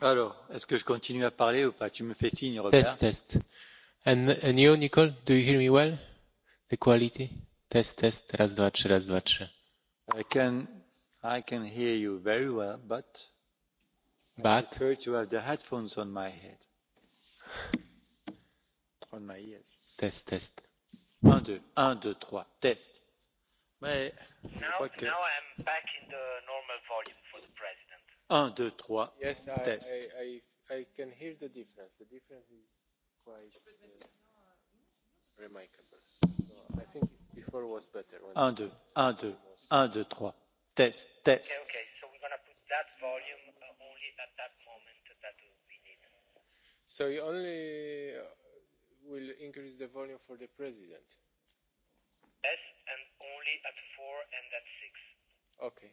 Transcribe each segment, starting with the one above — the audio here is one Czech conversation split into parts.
Test, test. And, and you, Nicole, do you hear me well? The quality? Test, test. Raz, dva, tři, raz, dva, tři. I can, I can hear you very well, but, but? I prefer to have the headphones on my head. On my ears. Test, test. Un, deux, un, deux, trois, test. Mais je now, crois que... now I'm back in the normal volume. 1 2 3 test. I, I, I can hear the difference. Uh, un, deux, un, deux, un, deux, trois. Test, test. Okay, okay. So we're going to put that volume uh, only at that moment that we need. So you only uh, will increase the volume for the president. Yes, and only at four and at six. Okay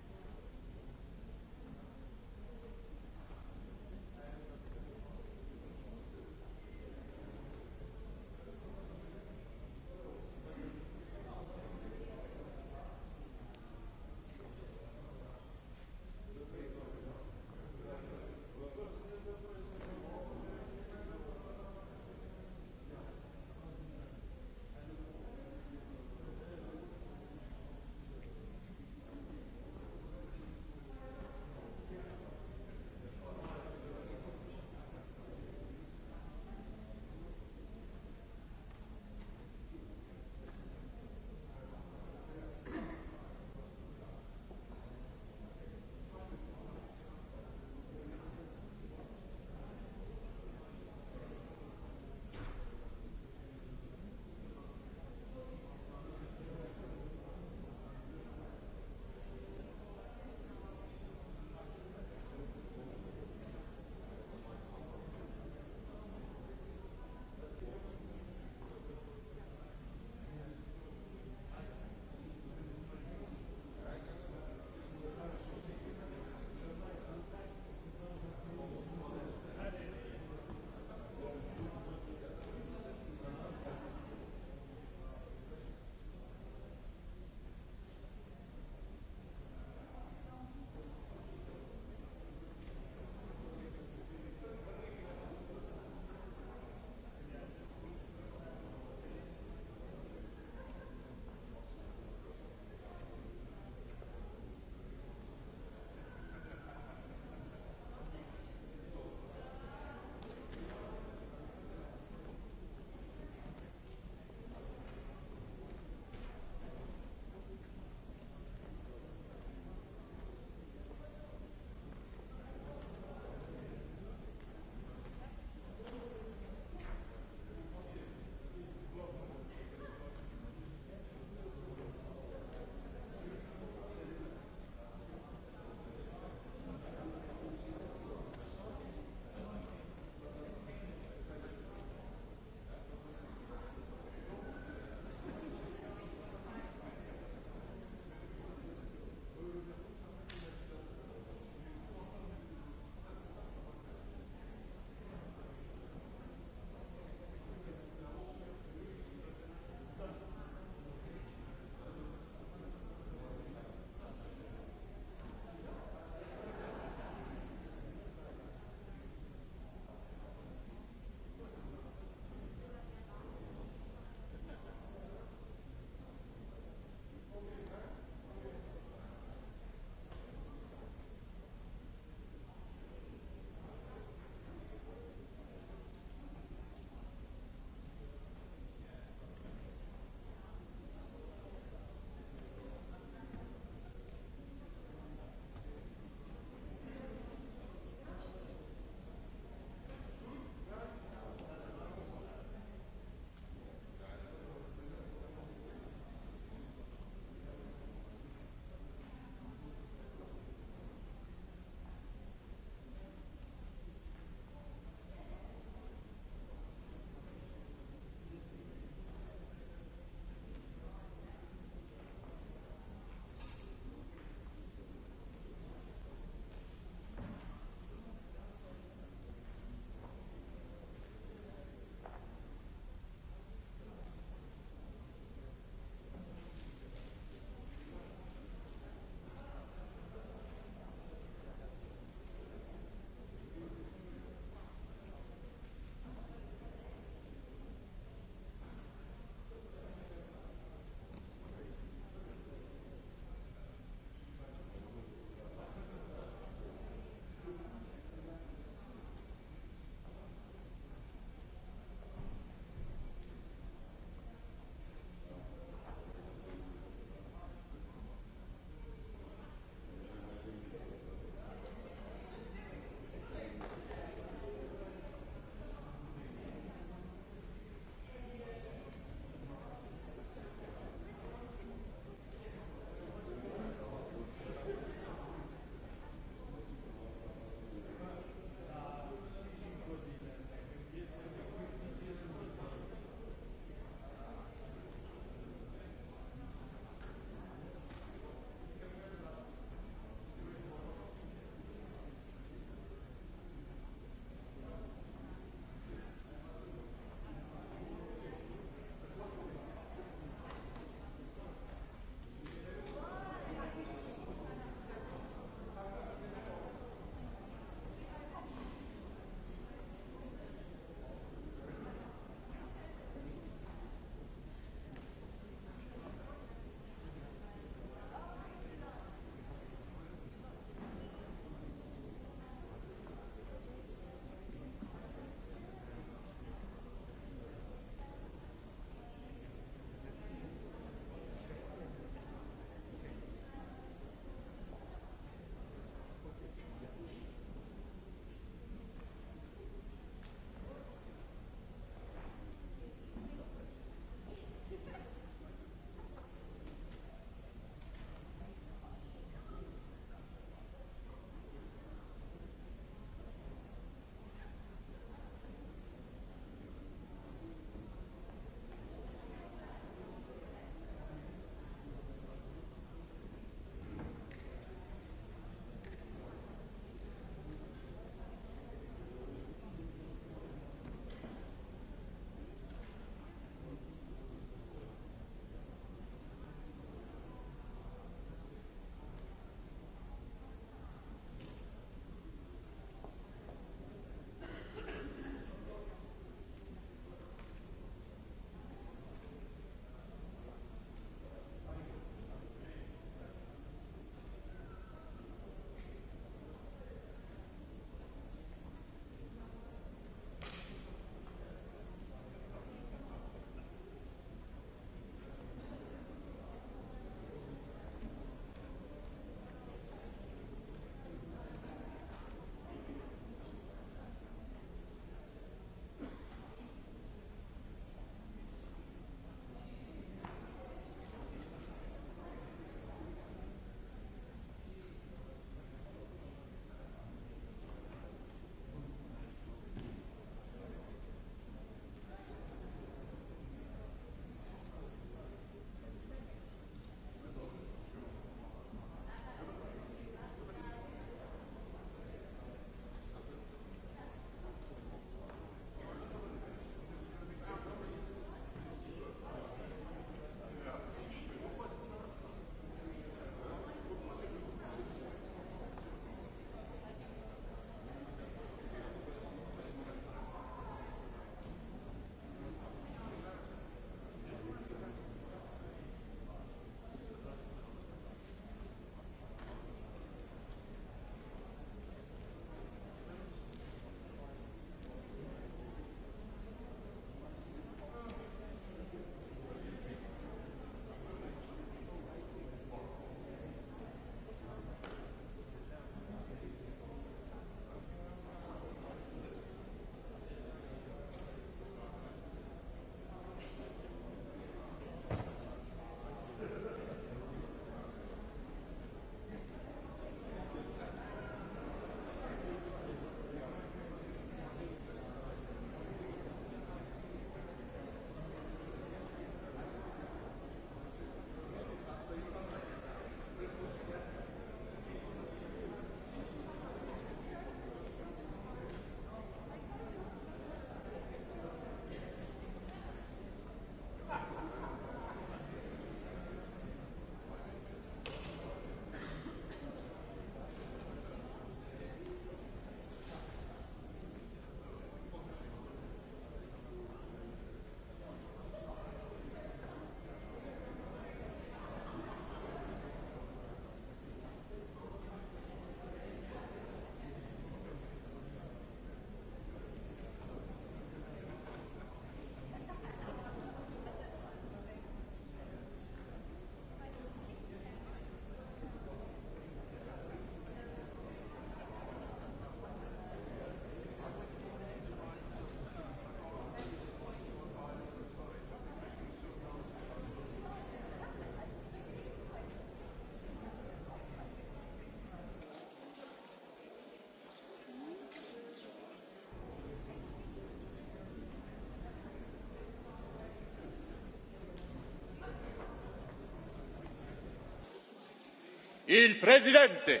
il presidente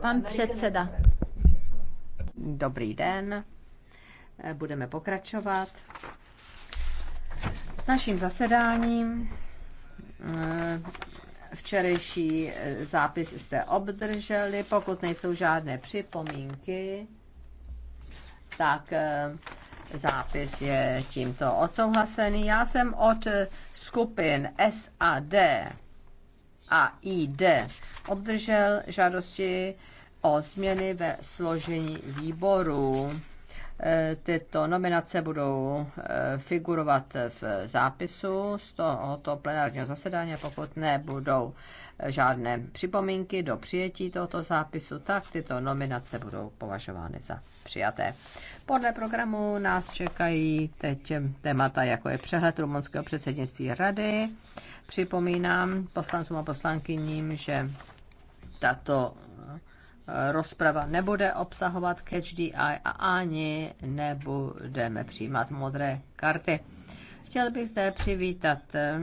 pan předseda dobrý den budeme pokračovat s naším zasedáním včerejší zápis jste obdrželi pokud nejsou žádné připomínky tak Zápis je tímto odsouhlasený. Já jsem od skupin SAD a ID obdržel žádosti o změny ve složení výboru. Eh, tyto nominace budou eh, figurovat v zápisu z tohoto plenárního zasedání, pokud nebudou eh, žádné připomínky do přijetí tohoto zápisu, tak tyto nominace budou považovány za přijaté. Podle programu nás čekají teď témata, jako je přehled rumunského předsednictví rady. Připomínám poslancům a poslankyním, že tato rozprava nebude obsahovat catch eye a ani nebudeme přijímat modré karty. Chtěl bych zde přivítat eh,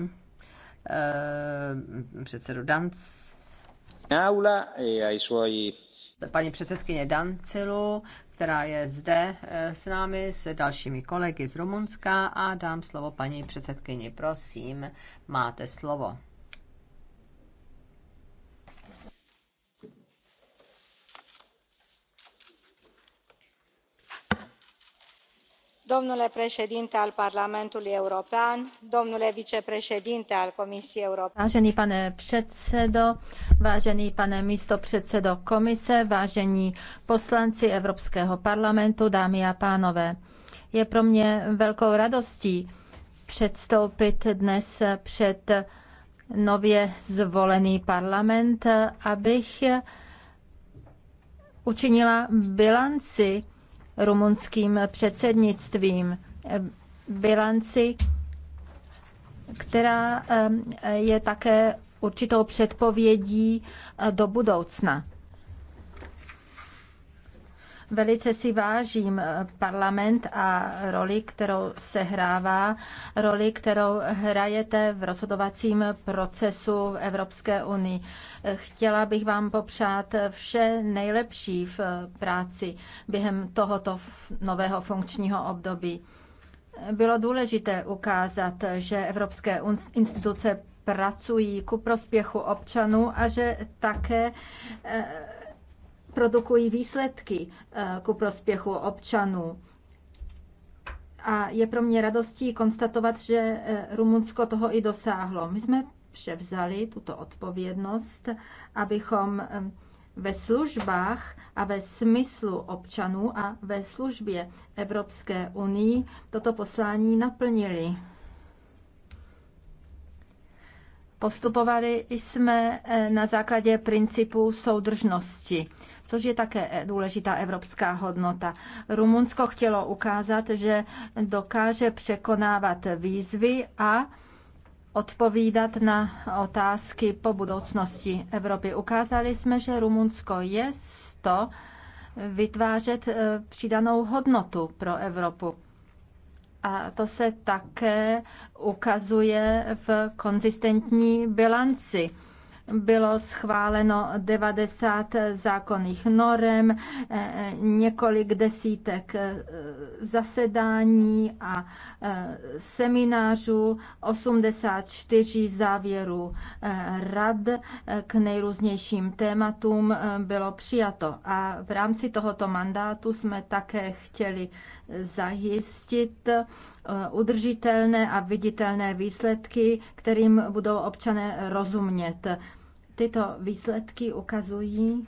předsedu Danc. E paní předsedkyně Dancilu, která je zde eh, s námi, s dalšími kolegy z Rumunska a dám slovo paní předsedkyni. Prosím, máte slovo. domnule președinte al parlamentului european domnule vicepreședinte al comisiei europene vážený pane předsedo vážený pane místopředsedo komise vážení poslanci evropského parlamentu dámy a pánové je pro mě velkou radostí předstoupit dnes před nově zvolený parlament abych učinila bilanci rumunským předsednictvím. Bilanci, která eh, je také určitou předpovědí eh, do budoucna. Velice si vážím eh, parlament a roli, kterou sehrává, roli, kterou hrajete v rozhodovacím procesu v Evropské unii. Eh, chtěla bych vám popřát vše nejlepší v eh, práci během tohoto nového funkčního období. Bylo důležité ukázat, že evropské instituce pracují ku prospěchu občanů a že také produkují výsledky eh, ku prospěchu občanů. A je pro mě radostí konstatovat, že eh, Rumunsko toho i dosáhlo. My jsme převzali tuto odpovědnost, abychom eh, ve službách a ve smyslu občanů a ve službě Evropské unii toto poslání naplnili. Postupovali jsme na základě principu soudržnosti což je také důležitá evropská hodnota. Rumunsko chtělo ukázat, že dokáže překonávat výzvy a odpovídat na otázky po budoucnosti Evropy. Ukázali jsme, že Rumunsko je to vytvářet eh, přidanou hodnotu pro Evropu. A to se také ukazuje v konzistentní bilanci bylo schváleno 90 zákonných norem, e, e, několik desítek e, zasedání a seminářů, 84 závěrů rad k nejrůznějším tématům bylo přijato. A v rámci tohoto mandátu jsme také chtěli zajistit udržitelné a viditelné výsledky, kterým budou občané rozumět. Tyto výsledky ukazují,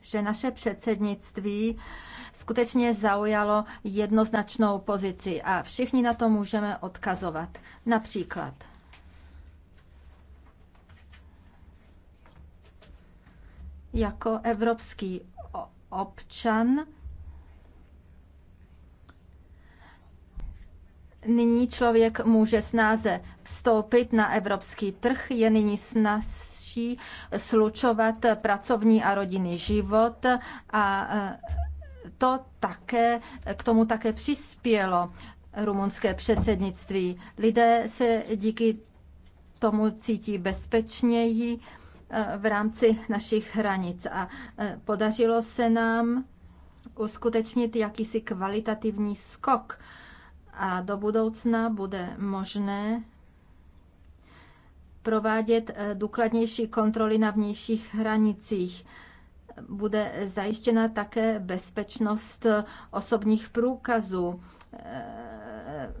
že naše předsednictví skutečně zaujalo jednoznačnou pozici a všichni na to můžeme odkazovat. Například jako evropský občan Nyní člověk může snáze vstoupit na evropský trh, je nyní snazší slučovat pracovní a rodinný život a e, to také, k tomu také přispělo rumunské předsednictví. Lidé se díky tomu cítí bezpečněji e, v rámci našich hranic a e, podařilo se nám uskutečnit jakýsi kvalitativní skok a do budoucna bude možné provádět eh, důkladnější kontroly na vnějších hranicích. Bude zajištěna také bezpečnost eh, osobních průkazů eh,